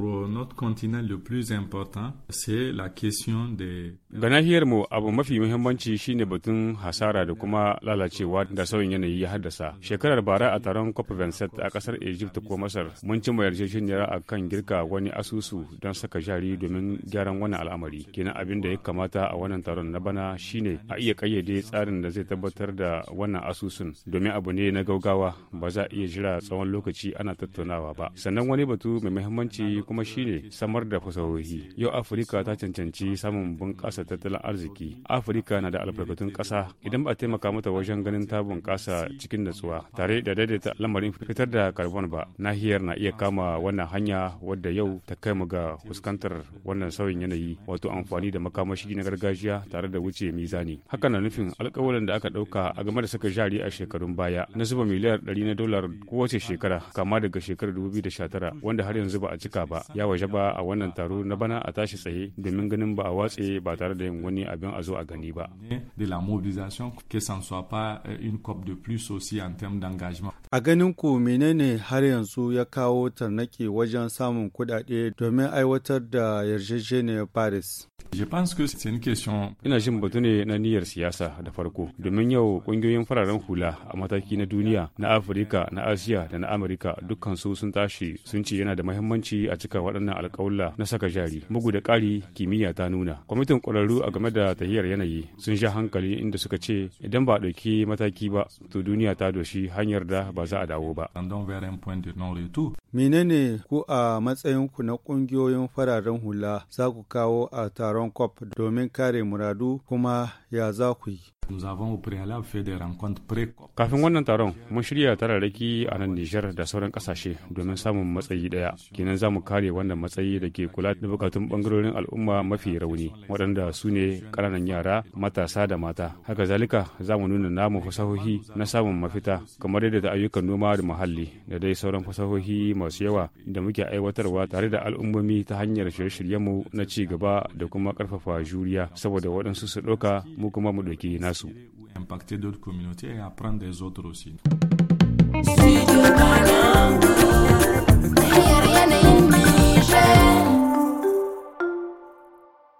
pour notre continent le plus important, c'est la question de Ga nahiyar mu abu mafi muhimmanci shine batun hasara da kuma lalacewa da sauyin yanayi ya haddasa. Shekarar bara a taron COP27 a kasar Egypt ko Masar, mun cimma yarjejeniyar a kan girka wani asusu don saka jari domin gyaran wannan al'amari. Kenan abin da ya kamata a wannan taron na bana shine a iya kayyade tsarin da zai tabbatar da wannan asusun domin abu ne na gaugawa ba za a iya jira tsawon lokaci ana tattaunawa ba. Sannan wani batu mai muhimmanci kuma shine samar da fasahohi. Yau Afirka ta cancanci samun bunƙasa tattalin arziki. Afirka na da albarkatun ƙasa idan ba a taimaka mata wajen ganin ta bunƙasa cikin natsuwa tare da daidaita lamarin fitar da carbon ba. Nahiyar na iya kama wannan hanya wadda yau ta kai mu ga fuskantar wannan sauyin yanayi wato amfani da makamashi na gargajiya tare da wuce mizani. Haka na nufin alkawalin da aka ɗauka a game da saka jari a shekarun baya na zuba miliyar 100 na dolar kowace shekara kama daga shekarar 2019 wanda har yanzu ba a cika ba. ba ya waje ba a wannan taro na bana a tashi tsaye domin ganin ba a watse ba tare da yin wani abin a zo a gani ba a ganin ku menene har yanzu ya kawo tarnaki wajen samun kudade domin aiwatar da yarjejeniyar paris Ina jin batu ne na niyyar siyasa da farko, domin yau kungiyoyin fararen hula a mataki na duniya, na Afirka, na Asiya da na Amurka dukkansu sun tashi sun ce yana da mahimmanci a cika waɗannan alƙawla na saka jari. Bugu da ƙari kimiyya ta nuna. Kwamitin ƙwararru a game da tahiyar yanayi sun sha hankali inda suka ce idan ba a ɗauki mataki ba, to duniya ta doshi hanyar da ba za a dawo ba. Menene ku a matsayinku na kungiyoyin fararen hula za ku kawo a taron taron COP domin kare muradu kuma ya za ku yi. Kafin wannan taron, mun shirya tararraki a nan Nijar da sauran kasashe domin samun matsayi daya Kenan za mu kare wannan matsayi da ke kula da bukatun bangarorin al'umma mafi rauni, waɗanda su ne ƙananan yara, matasa da mata. Haka zalika za mu nuna namu fasahohi na samun mafita, kamar yadda da ayyukan noma da muhalli da dai sauran fasahohi masu yawa da muke aiwatarwa tare da al'ummomi ta hanyar shirye-shiryenmu na ci gaba da kuma ƙarfafa juriya saboda waɗansu su ɗauka mu kuma mu ɗauki nasu. ou impacter d'autres communautés et apprendre des autres aussi.